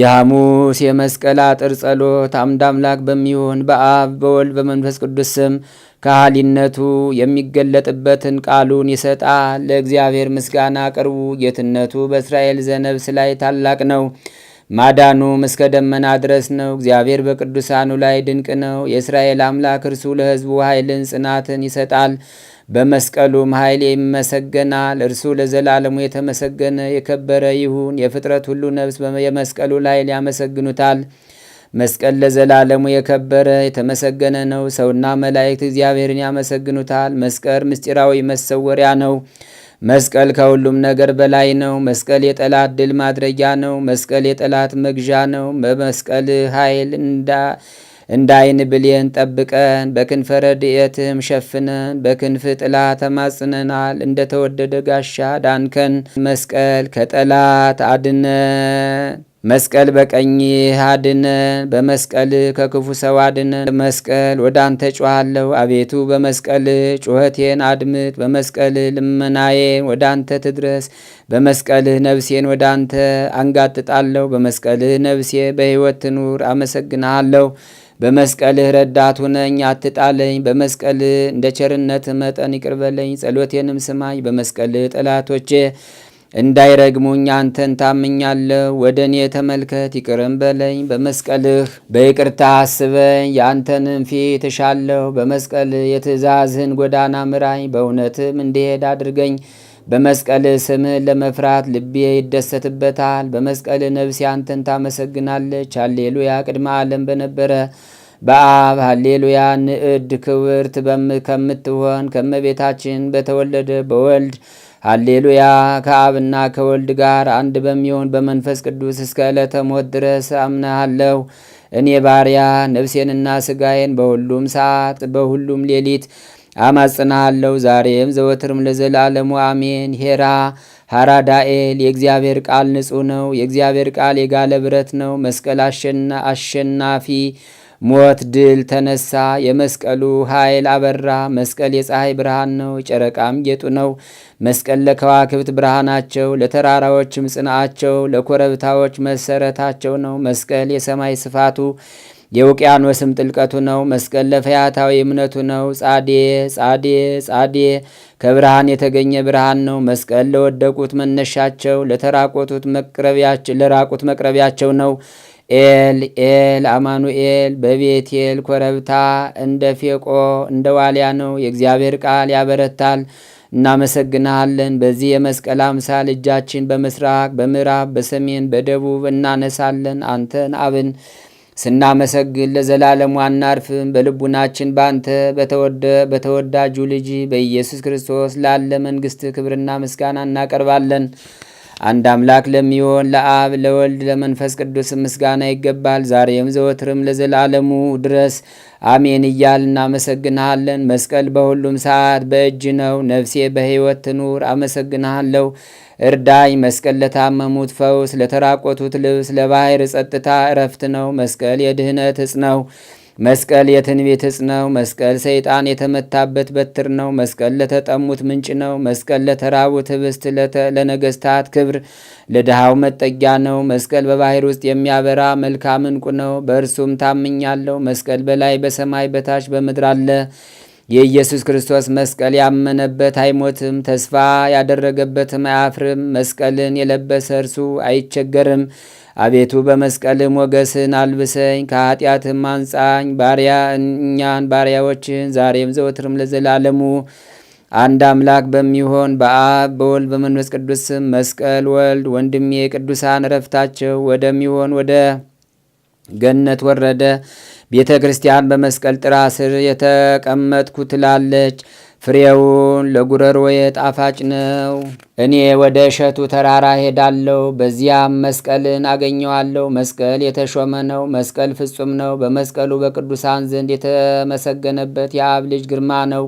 የሐሙስ የመስቀል አጥር ጸሎት አምድ አምላክ በሚሆን በአብ በወልድ በመንፈስ ቅዱስ ስም ከሃሊነቱ የሚገለጥበትን ቃሉን ይሰጣል። ለእግዚአብሔር ምስጋና አቅርቡ። ጌትነቱ በእስራኤል ዘነብስ ላይ ታላቅ ነው። ማዳኑም እስከ ደመና ድረስ ነው። እግዚአብሔር በቅዱሳኑ ላይ ድንቅ ነው። የእስራኤል አምላክ እርሱ ለሕዝቡ ኃይልን ጽናትን ይሰጣል። በመስቀሉም ኃይል ይመሰገናል። እርሱ ለዘላለሙ የተመሰገነ የከበረ ይሁን። የፍጥረት ሁሉ ነፍስ የመስቀሉ ኃይል ያመሰግኑታል። መስቀል ለዘላለሙ የከበረ የተመሰገነ ነው። ሰውና መላእክት እግዚአብሔርን ያመሰግኑታል። መስቀል ምስጢራዊ መሰወሪያ ነው። መስቀል ከሁሉም ነገር በላይ ነው። መስቀል የጠላት ድል ማድረጊያ ነው። መስቀል የጠላት መግዣ ነው። በመስቀል ኃይል እንዳ እንዳይን ብሌን ጠብቀን በክንፈ ረድኤትህም ሸፍነን በክንፍ ጥላ ተማጽነናል። እንደተወደደ ጋሻ ዳንከን። መስቀል ከጠላት አድነን። መስቀል በቀኝ አድነ በመስቀል ከክፉ ሰው አድነ። መስቀል ወደ አንተ ጮኋለሁ አቤቱ በመስቀል ጩኸቴን አድምጥ። በመስቀል ልመናዬን ወደ አንተ ትድረስ። በመስቀልህ ነፍሴን ወደ አንተ አንጋጥጣለሁ። በመስቀልህ ነፍሴ በሕይወት ትኑር። አመሰግንሃለሁ። በመስቀልህ ረዳት ሁነኝ፣ አትጣለኝ። በመስቀልህ እንደ ቸርነት መጠን ይቅርበለኝ፣ ጸሎቴንም ስማኝ። በመስቀልህ ጠላቶቼ እንዳይረግሙኝ አንተን ታምኛለሁ። ወደ እኔ ተመልከት፣ ይቅርም በለኝ። በመስቀልህ በይቅርታ አስበኝ፣ የአንተንም ፊት እሻለሁ። በመስቀልህ የትእዛዝህን ጎዳና ምራኝ፣ በእውነትም እንዲሄድ አድርገኝ። በመስቀል ስምህን ለመፍራት ልቤ ይደሰትበታል። በመስቀል ነፍሴ አንተን ታመሰግናለች። አሌሉያ ቅድመ ዓለም በነበረ በአብ ሃሌሉያ ንዕድ ክብርት ከምትሆን ከመቤታችን በተወለደ በወልድ ሃሌሉያ ከአብና ከወልድ ጋር አንድ በሚሆን በመንፈስ ቅዱስ እስከ ዕለተ ሞት ድረስ አምናሃለሁ። እኔ ባሪያ ነፍሴንና ስጋዬን በሁሉም ሰዓት በሁሉም ሌሊት አማጽናሃለሁ። ዛሬም ዘወትርም ለዘላለሙ አሜን። ሄራ ሃራዳኤል የእግዚአብሔር ቃል ንጹሕ ነው። የእግዚአብሔር ቃል የጋለ ብረት ነው። መስቀል አሸናፊ ሞት ድል ተነሳ። የመስቀሉ ኃይል አበራ። መስቀል የፀሐይ ብርሃን ነው፣ ጨረቃም ጌጡ ነው። መስቀል ለከዋክብት ብርሃናቸው፣ ለተራራዎችም ጽንዓቸው፣ ለኮረብታዎች መሰረታቸው ነው። መስቀል የሰማይ ስፋቱ የውቅያኖስም ጥልቀቱ ነው። መስቀል ለፈያታዊ እምነቱ ነው። ጻዴ ጻዴ ጻዴ ከብርሃን የተገኘ ብርሃን ነው። መስቀል ለወደቁት መነሻቸው፣ ለተራቆቱት መቅረቢያቸው ለራቁት መቅረቢያቸው ነው። ኤል ኤል አማኑኤል በቤቴል ኮረብታ እንደ ፌቆ እንደ ዋልያ ነው። የእግዚአብሔር ቃል ያበረታል። እናመሰግናሃለን። በዚህ የመስቀል አምሳል እጃችን በምስራቅ በምዕራብ በሰሜን በደቡብ እናነሳለን። አንተን አብን ስናመሰግን ለዘላለሙ አናርፍም። በልቡናችን በአንተ በተወደ በተወዳጁ ልጅ በኢየሱስ ክርስቶስ ላለ መንግሥት ክብርና ምስጋና እናቀርባለን። አንድ አምላክ ለሚሆን ለአብ ለወልድ ለመንፈስ ቅዱስ ምስጋና ይገባል፣ ዛሬም ዘወትርም ለዘላለሙ ድረስ አሜን እያል እናመሰግንሃለን። መስቀል በሁሉም ሰዓት በእጅ ነው። ነፍሴ በሕይወት ትኑር፣ አመሰግንሃለሁ። እርዳኝ። መስቀል ለታመሙት ፈውስ፣ ለተራቆቱት ልብስ፣ ለባህር ጸጥታ እረፍት ነው። መስቀል የድህነት እጽ ነው። መስቀል የትንቢት ዕፅ ነው። መስቀል ሰይጣን የተመታበት በትር ነው። መስቀል ለተጠሙት ምንጭ ነው። መስቀል ለተራቡት ህብስት፣ ለነገስታት ክብር፣ ለድሃው መጠጊያ ነው። መስቀል በባህር ውስጥ የሚያበራ መልካም ዕንቁ ነው። በእርሱም ታምኛለሁ። መስቀል በላይ በሰማይ በታች በምድር አለ። የኢየሱስ ክርስቶስ መስቀል ያመነበት አይሞትም፣ ተስፋ ያደረገበትም አያፍርም። መስቀልን የለበሰ እርሱ አይቸገርም። አቤቱ በመስቀልም ሞገስን አልብሰኝ፣ ከኃጢአትም አንጻኝ። ባሪያ እኛን ባሪያዎችን ዛሬም ዘወትርም ለዘላለሙ አንድ አምላክ በሚሆን በአብ በወልድ በመንፈስ ቅዱስ ስም መስቀል ወልድ ወንድሜ ቅዱሳን እረፍታቸው ወደሚሆን ወደ ገነት ወረደ። ቤተ ክርስቲያን በመስቀል ጥራ ስር የተቀመጥኩ ትላለች። ፍሬውን ለጉረሮዬ ጣፋጭ ነው። እኔ ወደ እሸቱ ተራራ ሄዳለሁ፣ በዚያም መስቀልን አገኘዋለሁ። መስቀል የተሾመ ነው። መስቀል ፍጹም ነው። በመስቀሉ በቅዱሳን ዘንድ የተመሰገነበት የአብ ልጅ ግርማ ነው።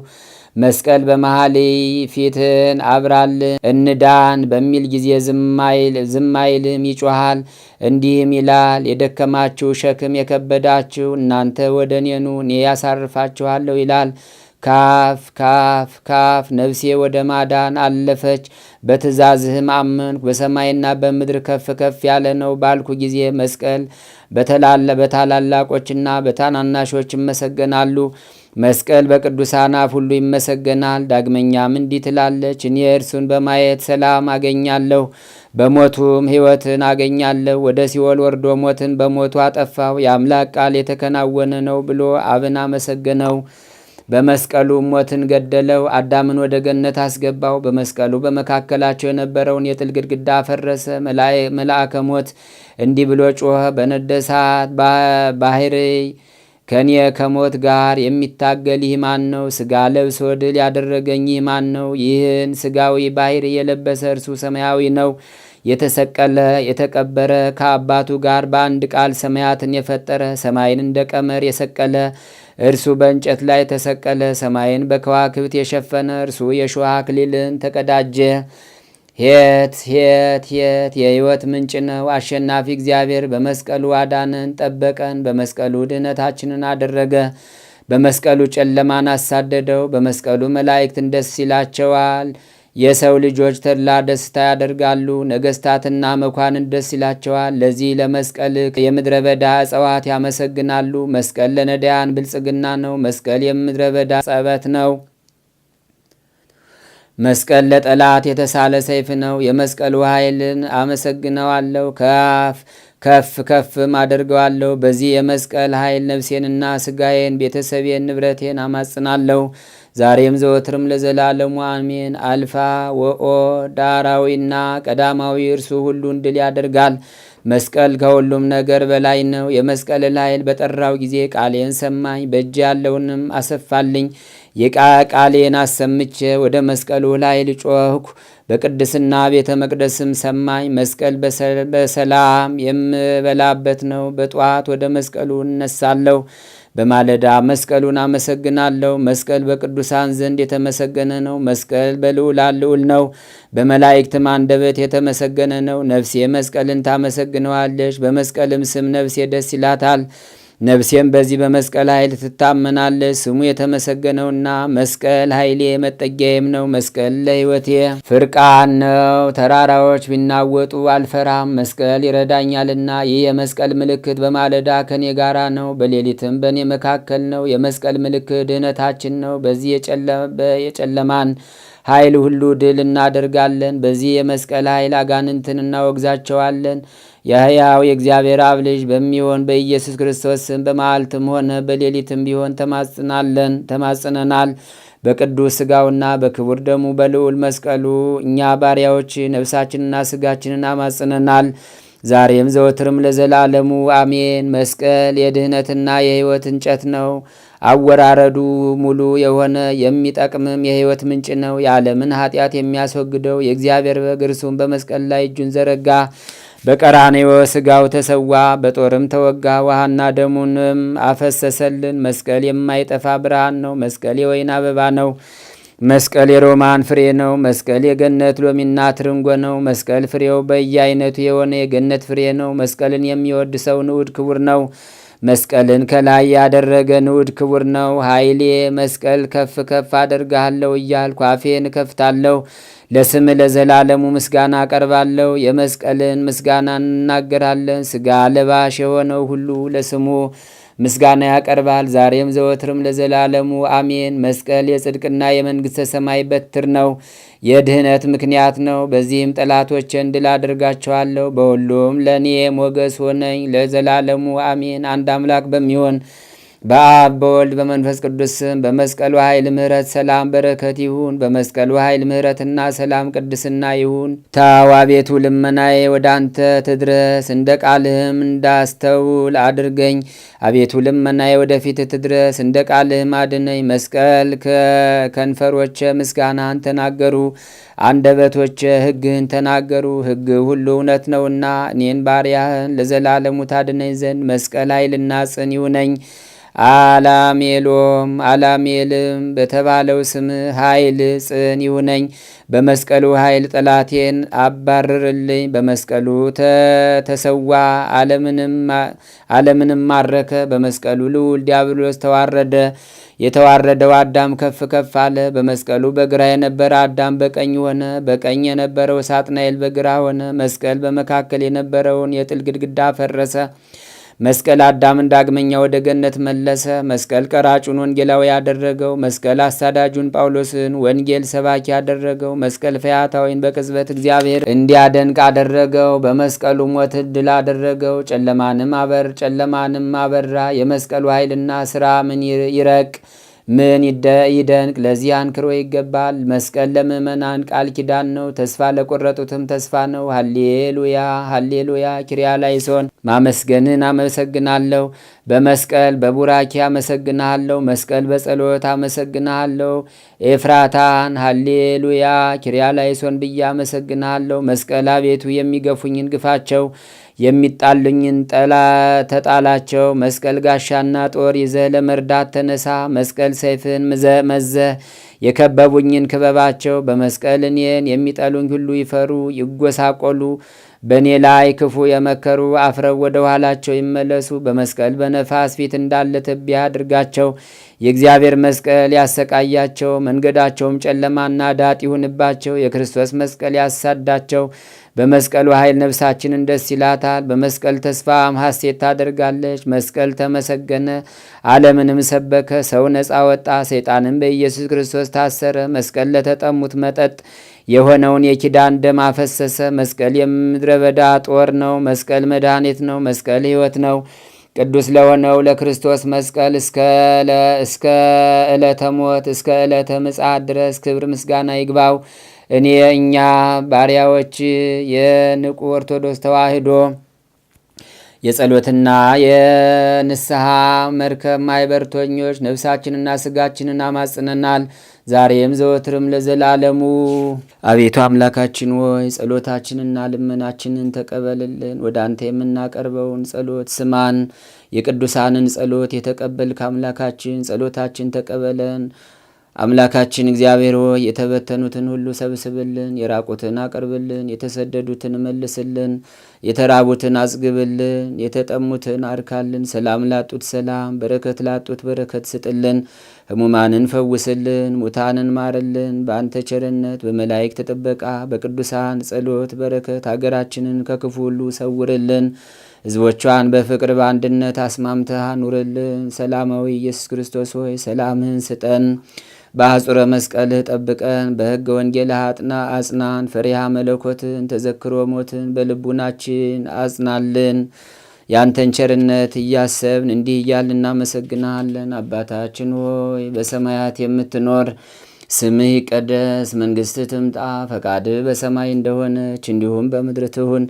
መስቀል በመኃልይ ፊትህን አብራልን እንዳን በሚል ጊዜ ዝም አይልም፣ ይጮሃል እንዲህም ይላል፣ የደከማችሁ ሸክም የከበዳችሁ እናንተ ወደ እኔ ኑ፣ እኔ ያሳርፋችኋለሁ ይላል። ካፍ ካፍ ካፍ ነፍሴ ወደ ማዳን አለፈች፣ በትእዛዝህም አመንኩ። በሰማይና በምድር ከፍ ከፍ ያለ ነው ባልኩ ጊዜ መስቀል በታላላቆችና በታናናሾች ይመሰገናሉ። መስቀል በቅዱሳን አፍ ሁሉ ይመሰገናል። ዳግመኛም እንዲህ ትላለች፣ እኔ እርሱን በማየት ሰላም አገኛለሁ፣ በሞቱም ሕይወትን አገኛለሁ። ወደ ሲኦል ወርዶ ሞትን በሞቱ አጠፋው። የአምላክ ቃል የተከናወነ ነው ብሎ አብን አመሰገነው። በመስቀሉ ሞትን ገደለው፣ አዳምን ወደ ገነት አስገባው። በመስቀሉ በመካከላቸው የነበረውን የጥል ግድግዳ አፈረሰ። መልአከ ሞት እንዲህ ብሎ ጮኸ፣ በነደሳት ባህርይ ከኔ ከሞት ጋር የሚታገል ይህ ማን ነው? ሥጋ ለብሶ ድል ያደረገኝ ይህ ማን ነው? ይህን ሥጋዊ ባህር የለበሰ እርሱ ሰማያዊ ነው። የተሰቀለ የተቀበረ፣ ከአባቱ ጋር በአንድ ቃል ሰማያትን የፈጠረ ሰማይን እንደ ቀመር የሰቀለ እርሱ በእንጨት ላይ ተሰቀለ። ሰማይን በከዋክብት የሸፈነ እርሱ የእሾህ አክሊልን ተቀዳጀ። ሄት ሄት ሄት የህይወት ምንጭ ነው። አሸናፊ እግዚአብሔር በመስቀሉ አዳንን፣ ጠበቀን። በመስቀሉ ድህነታችንን አደረገ። በመስቀሉ ጨለማን አሳደደው። በመስቀሉ መላእክትን ደስ ይላቸዋል። የሰው ልጆች ተድላ ደስታ ያደርጋሉ። ነገስታትና መኳንን ደስ ይላቸዋል። ለዚህ ለመስቀል የምድረ በዳ እጽዋት ያመሰግናሉ። መስቀል ለነዳያን ብልጽግና ነው። መስቀል የምድረ በዳ ጸበት ነው። መስቀል ለጠላት የተሳለ ሰይፍ ነው። የመስቀሉ ኃይልን አመሰግነዋለሁ፣ ከፍ ከፍ ከፍም አድርገዋለሁ። በዚህ የመስቀል ኃይል ነፍሴንና ስጋዬን፣ ቤተሰቤን፣ ንብረቴን አማጽናለሁ። ዛሬም ዘወትርም ለዘላለሙ አሜን። አልፋ ወኦ ዳራዊና ቀዳማዊ እርሱ ሁሉን ድል ያደርጋል። መስቀል ከሁሉም ነገር በላይ ነው። የመስቀል ኃይል በጠራው ጊዜ ቃሌን ሰማኝ፣ በእጅ ያለውንም አሰፋልኝ። የቃሌን አሰምቼ ወደ መስቀሉ ላይ ልጮህኩ። በቅድስና ቤተ መቅደስም ሰማኝ። መስቀል በሰላም የምበላበት ነው። በጠዋት ወደ መስቀሉ እነሳለሁ። በማለዳ መስቀሉን አመሰግናለሁ። መስቀል በቅዱሳን ዘንድ የተመሰገነ ነው። መስቀል በልዑላን ልዑል ነው። በመላእክትም አንደበት የተመሰገነ ነው። ነፍሴ መስቀልን ታመሰግነዋለች። በመስቀልም ስም ነፍሴ ደስ ይላታል። ነፍሴም በዚህ በመስቀል ኃይል ትታመናለች። ስሙ የተመሰገነውና መስቀል ኃይሌ መጠጊያዬም ነው። መስቀል ለሕይወቴ ፍርቃን ነው። ተራራዎች ቢናወጡ አልፈራም፣ መስቀል ይረዳኛልና። ይህ የመስቀል ምልክት በማለዳ ከኔ ጋራ ነው፣ በሌሊትም በእኔ መካከል ነው። የመስቀል ምልክት ድህነታችን ነው። በዚህ የጨለማን ኃይል ሁሉ ድል እናደርጋለን። በዚህ የመስቀል ኃይል አጋንንትን እናወግዛቸዋለን። የሕያው የእግዚአብሔር አብ ልጅ በሚሆን በኢየሱስ ክርስቶስ ስም በመዓልትም ሆነ በሌሊትም ቢሆን ተማጽናለን ተማጽነናል። በቅዱስ ሥጋውና በክቡር ደሙ በልዑል መስቀሉ እኛ ባሪያዎች ነፍሳችንና ሥጋችንን አማጽነናል። ዛሬም ዘወትርም ለዘላለሙ አሜን። መስቀል የድህነትና የሕይወት እንጨት ነው። አወራረዱ ሙሉ የሆነ የሚጠቅምም የህይወት ምንጭ ነው። የዓለምን ኃጢአት የሚያስወግደው የእግዚአብሔር በግ እርሱም በመስቀል ላይ እጁን ዘረጋ። በቀራኔ ስጋው ተሰዋ፣ በጦርም ተወጋ፣ ውሃና ደሙንም አፈሰሰልን። መስቀል የማይጠፋ ብርሃን ነው። መስቀል የወይን አበባ ነው። መስቀል የሮማን ፍሬ ነው። መስቀል የገነት ሎሚና ትርንጎ ነው። መስቀል ፍሬው በየአይነቱ የሆነ የገነት ፍሬ ነው። መስቀልን የሚወድ ሰው ንዑድ ክቡር ነው። መስቀልን ከላይ ያደረገ ንዑድ ክቡር ነው። ኃይሌ መስቀል ከፍ ከፍ አድርግሃለሁ እያልኩ አፌን እከፍታለሁ። ለስም ለዘላለሙ ምስጋና አቀርባለሁ። የመስቀልን ምስጋና እንናገራለን። ስጋ ለባሽ የሆነው ሁሉ ለስሙ ምስጋና ያቀርባል። ዛሬም ዘወትርም ለዘላለሙ አሜን። መስቀል የጽድቅና የመንግሥተ ሰማይ በትር ነው፣ የድህነት ምክንያት ነው። በዚህም ጠላቶቼን ድል አድርጋቸዋለሁ። በሁሉም ለእኔ ሞገስ ሆነኝ፣ ለዘላለሙ አሜን። አንድ አምላክ በሚሆን በአብ በወልድ በመንፈስ ቅዱስ ስም በመስቀሉ ኃይል ምሕረት ሰላም በረከት ይሁን። በመስቀሉ ኃይል ምሕረትና ሰላም ቅድስና ይሁን። ተው አቤቱ ልመናዬ ወደ አንተ ትድረስ፣ እንደ ቃልህም እንዳስተውል አድርገኝ። አቤቱ ልመናዬ ወደፊት ትድረስ፣ እንደ ቃልህም አድነኝ። መስቀል ከንፈሮቼ ምስጋናን ተናገሩ፣ አንደበቶቼ ሕግህን ተናገሩ። ሕግ ሁሉ እውነት ነውና እኔን ባርያህን ለዘላለሙ ታድነኝ ዘንድ መስቀል ኃይልና ጽን ይሁነኝ። አላሜሎም አላሜልም በተባለው ስም ኃይል ጽን ይሁነኝ። በመስቀሉ ኃይል ጠላቴን አባርርልኝ። በመስቀሉ ተሰዋ፣ ዓለምንም ማረከ። በመስቀሉ ልውል ዲያብሎስ ተዋረደ። የተዋረደው አዳም ከፍ ከፍ አለ። በመስቀሉ በግራ የነበረ አዳም በቀኝ ሆነ። በቀኝ የነበረው ሳጥናኤል በግራ ሆነ። መስቀል በመካከል የነበረውን የጥል ግድግዳ ፈረሰ። መስቀል አዳምን ዳግመኛ ወደ ገነት መለሰ። መስቀል ቀራጩን ወንጌላዊ ያደረገው፣ መስቀል አሳዳጁን ጳውሎስን ወንጌል ሰባኪ ያደረገው፣ መስቀል ፈያታዊን በቅጽበት እግዚአብሔር እንዲያደንቅ አደረገው። በመስቀሉ ሞት ድል አደረገው። ጨለማንም አበር ጨለማንም አበራ። የመስቀሉ ኃይልና ስራ ምን ይረቅ ምን ይደንቅ! ለዚህ አንክሮ ይገባል። መስቀል ለምእመናን ቃል ኪዳን ነው፣ ተስፋ ለቆረጡትም ተስፋ ነው። ሀሌሉያ ሀሌሉያ ኪሪያ ላይሶን ማመስገንን አመሰግናለሁ። በመስቀል በቡራኪ አመሰግናለሁ። መስቀል በጸሎት አመሰግናለሁ። ኤፍራታን ሀሌሉያ ኪሪያ ላይሶን ብዬ አመሰግናለሁ። መስቀል አቤቱ የሚገፉኝን ግፋቸው የሚጣሉኝን ጠላ ተጣላቸው። መስቀል ጋሻና ጦር ይዘህ ለመርዳት ተነሳ። መስቀል ሰይፍን መዘ የከበቡኝን ክበባቸው። በመስቀል እኔን የሚጠሉኝ ሁሉ ይፈሩ ይጎሳቆሉ። በእኔ ላይ ክፉ የመከሩ አፍረው ወደ ኋላቸው ይመለሱ። በመስቀል በነፋስ ፊት እንዳለ ትቢያ አድርጋቸው። የእግዚአብሔር መስቀል ያሰቃያቸው፣ መንገዳቸውም ጨለማና ዳጥ ይሁንባቸው። የክርስቶስ መስቀል ያሳዳቸው በመስቀሉ ኃይል ነፍሳችንን ደስ ይላታል። በመስቀል ተስፋ ሐሴት ታደርጋለች። መስቀል ተመሰገነ፣ ዓለምንም ሰበከ። ሰው ነፃ ወጣ፣ ሰይጣንም በኢየሱስ ክርስቶስ ታሰረ። መስቀል ለተጠሙት መጠጥ የሆነውን የኪዳን ደም አፈሰሰ። መስቀል የምድረ በዳ ጦር ነው። መስቀል መድኃኒት ነው። መስቀል ሕይወት ነው። ቅዱስ ለሆነው ለክርስቶስ መስቀል እስከ ዕለተ ሞት እስከ ዕለተ ምጽአት ድረስ ክብር ምስጋና ይግባው። እኔ እኛ ባሪያዎች የንቁ ኦርቶዶክስ ተዋሕዶ የጸሎትና የንስሐ መርከብ ማይበርቶኞች ነፍሳችንና ስጋችንን አማጽነናል፣ ዛሬም ዘወትርም ለዘላለሙ። አቤቱ አምላካችን ሆይ ጸሎታችንና ልመናችንን ተቀበልልን። ወደ አንተ የምናቀርበውን ጸሎት ስማን። የቅዱሳንን ጸሎት የተቀበልክ አምላካችን ጸሎታችን ተቀበለን። አምላካችን እግዚአብሔር ሆይ የተበተኑትን ሁሉ ሰብስብልን፣ የራቁትን አቅርብልን፣ የተሰደዱትን መልስልን፣ የተራቡትን አጽግብልን፣ የተጠሙትን አርካልን፣ ሰላም ላጡት ሰላም፣ በረከት ላጡት በረከት ስጥልን፣ ሕሙማንን ፈውስልን፣ ሙታንን ማርልን። በአንተ ቸርነት በመላይክ ተጠበቃ በቅዱሳን ጸሎት በረከት ሀገራችንን ከክፉ ሁሉ ሰውርልን። ህዝቦቿን በፍቅር በአንድነት አስማምተህ አኑርልን። ሰላማዊ ኢየሱስ ክርስቶስ ሆይ ሰላምህን ስጠን። በአጹረ መስቀልህ ጠብቀን፣ በህገ ወንጌልህ አጥና አጽናን። ፈሪሃ መለኮትን ተዘክሮ ሞትን በልቡናችን አጽናልን። ያንተን ቸርነት እያሰብን እንዲህ እያል እናመሰግናለን። አባታችን ሆይ በሰማያት የምትኖር ስምህ ይቀደስ፣ መንግሥትህ ትምጣ፣ ፈቃድህ በሰማይ እንደሆነች እንዲሁም በምድር ትሁን።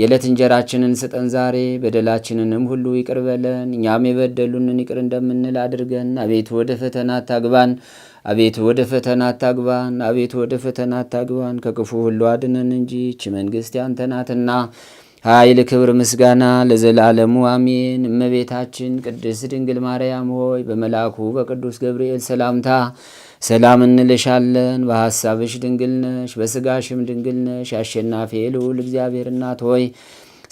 የዕለት እንጀራችንን ስጠን ዛሬ፣ በደላችንንም ሁሉ ይቅር በለን እኛም የበደሉንን ይቅር እንደምንል አድርገን፣ አቤቱ ወደ ፈተና አታግባን አቤቱ ወደ ፈተና አታግባን፣ አቤቱ ወደ ፈተና አታግባን፣ ከክፉ ሁሉ አድነን እንጂ ይህች መንግስት ያንተ ናትና ኃይል፣ ክብር፣ ምስጋና ለዘላለሙ አሜን። እመቤታችን ቅድስት ድንግል ማርያም ሆይ በመልአኩ በቅዱስ ገብርኤል ሰላምታ ሰላም እንልሻለን። በሐሳብሽ ድንግል ነሽ፣ በስጋሽም ድንግል ነሽ። አሸናፊ ልዑል እግዚአብሔር እናት ሆይ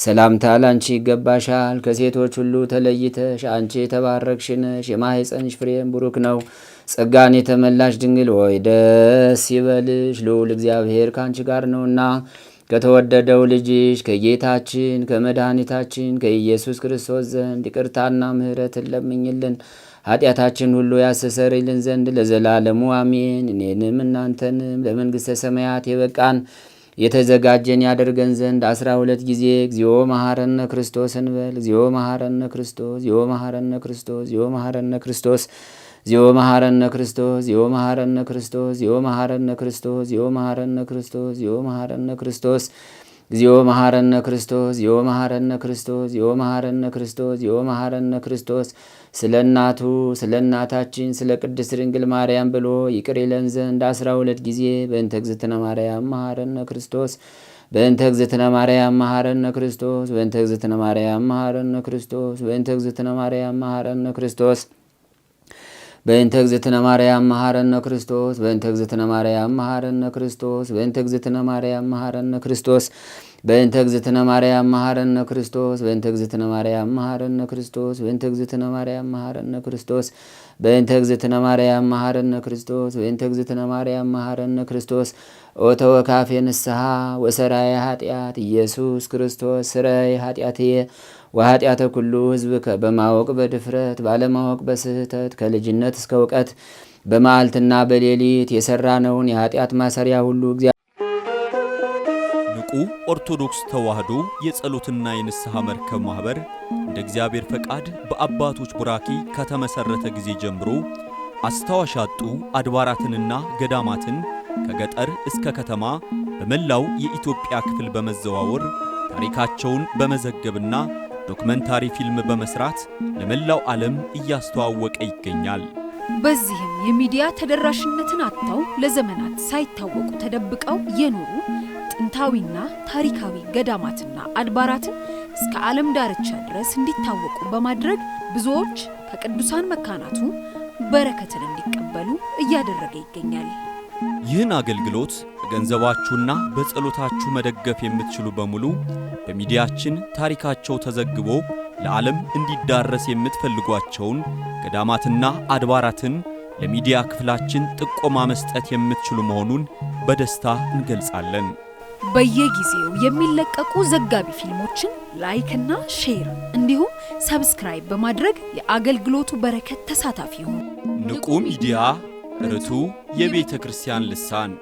ሰላምታ ላንቺ ይገባሻል። ከሴቶች ሁሉ ተለይተሽ አንቺ የተባረክሽ ነሽ። የማኅፀንሽ ፍሬም ቡሩክ ነው። ጸጋን የተመላሽ ድንግል ሆይ ደስ ይበልሽ፣ ልዑል እግዚአብሔር ካንቺ ጋር ነውና ከተወደደው ልጅሽ ከጌታችን ከመድኃኒታችን ከኢየሱስ ክርስቶስ ዘንድ ይቅርታና ምሕረትን ለምኝልን ኃጢአታችን ሁሉ ያስተሰርይልን ዘንድ ለዘላለሙ አሜን። እኔንም እናንተንም ለመንግሥተ ሰማያት የበቃን የተዘጋጀን ያደርገን ዘንድ አስራ ሁለት ጊዜ እግዚኦ መሐረነ ክርስቶስ እንበል። እግዚኦ መሐረነ ክርስቶስ፣ እግዚኦ መሐረነ ክርስቶስ፣ እግዚኦ መሐረነ ክርስቶስ ዚኦ መሐረነ ክርስቶስ ዚኦ መሐረነ ክርስቶስ ዚኦ መሐረነ ክርስቶስ ዚኦ መሐረነ ክርስቶስ ዚኦ መሐረነ ክርስቶስ ዚዮ መሐረነ ክርስቶስ ዚኦ መሐረነ ክርስቶስ ዚኦ መሐረነ ክርስቶስ ዚኦ መሐረነ ክርስቶስ ስለ እናቱ ስለ እናታችን ስለ ቅድስት ድንግል ማርያም ብሎ ይቅር ይለን ዘንድ አስራ ሁለት ጊዜ በእንተ እግዝእትነ ማርያም መሐረነ ክርስቶስ በእንተ እግዝእትነ ማርያም መሐረነ ክርስቶስ በእንተ እግዝእትነ ማርያም መሐረነ ክርስቶስ በእንተ እግዝእትነ ማርያም መሐረነ ክርስቶስ በእንተ እግዝእትነ ማርያም መሐረነ ክርስቶስ በእንተ እግዝእትነ ማርያም መሐረነ ክርስቶስ በእንተ እግዝእትነ ማርያም መሐረነ ክርስቶስ በእንተ እግዝእትነ ማርያም መሐረነ ክርስቶስ በእንተ እግዝእትነ ማርያም መሐረነ ክርስቶስ በእንተ እግዝእትነ ማርያም መሐረነ ክርስቶስ በእንተ እግዝእትነ ማርያም መሐረነ ክርስቶስ በእንተ እግዝእትነ ማርያም መሐረነ ክርስቶስ ኦተወካፌ ንስሐ ወሰራይ ኃጢአት ኢየሱስ ክርስቶስ ስረይ ኃጢአትየ ወኃጢአተ ኩሉ ህዝብ በማወቅ በድፍረት ባለማወቅ በስህተት ከልጅነት እስከ እውቀት በመዓልትና በሌሊት የሰራነውን የኃጢአት ማሰሪያ ሁሉ እግዚአብሔር ንቁ ኦርቶዶክስ ተዋህዶ የጸሎትና የንስሐ መርከብ ማኅበር እንደ እግዚአብሔር ፈቃድ በአባቶች ቡራኪ ከተመሠረተ ጊዜ ጀምሮ አስታዋሽ አጡ አድባራትንና ገዳማትን ከገጠር እስከ ከተማ በመላው የኢትዮጵያ ክፍል በመዘዋወር ታሪካቸውን በመዘገብና ዶክመንታሪ ፊልም በመስራት ለመላው ዓለም እያስተዋወቀ ይገኛል። በዚህም የሚዲያ ተደራሽነትን አጥተው ለዘመናት ሳይታወቁ ተደብቀው የኖሩ ጥንታዊና ታሪካዊ ገዳማትና አድባራትን እስከ ዓለም ዳርቻ ድረስ እንዲታወቁ በማድረግ ብዙዎች ከቅዱሳን መካናቱ በረከትን እንዲቀበሉ እያደረገ ይገኛል። ይህን አገልግሎት በገንዘባችሁና በጸሎታችሁ መደገፍ የምትችሉ በሙሉ በሚዲያችን ታሪካቸው ተዘግቦ ለዓለም እንዲዳረስ የምትፈልጓቸውን ገዳማትና አድባራትን ለሚዲያ ክፍላችን ጥቆማ መስጠት የምትችሉ መሆኑን በደስታ እንገልጻለን። በየጊዜው የሚለቀቁ ዘጋቢ ፊልሞችን ላይክ እና ሼር እንዲሁም ሰብስክራይብ በማድረግ የአገልግሎቱ በረከት ተሳታፊ ይሁኑ። ንቁ ሚዲያ ርቱ የቤተ ክርስቲያን ልሳን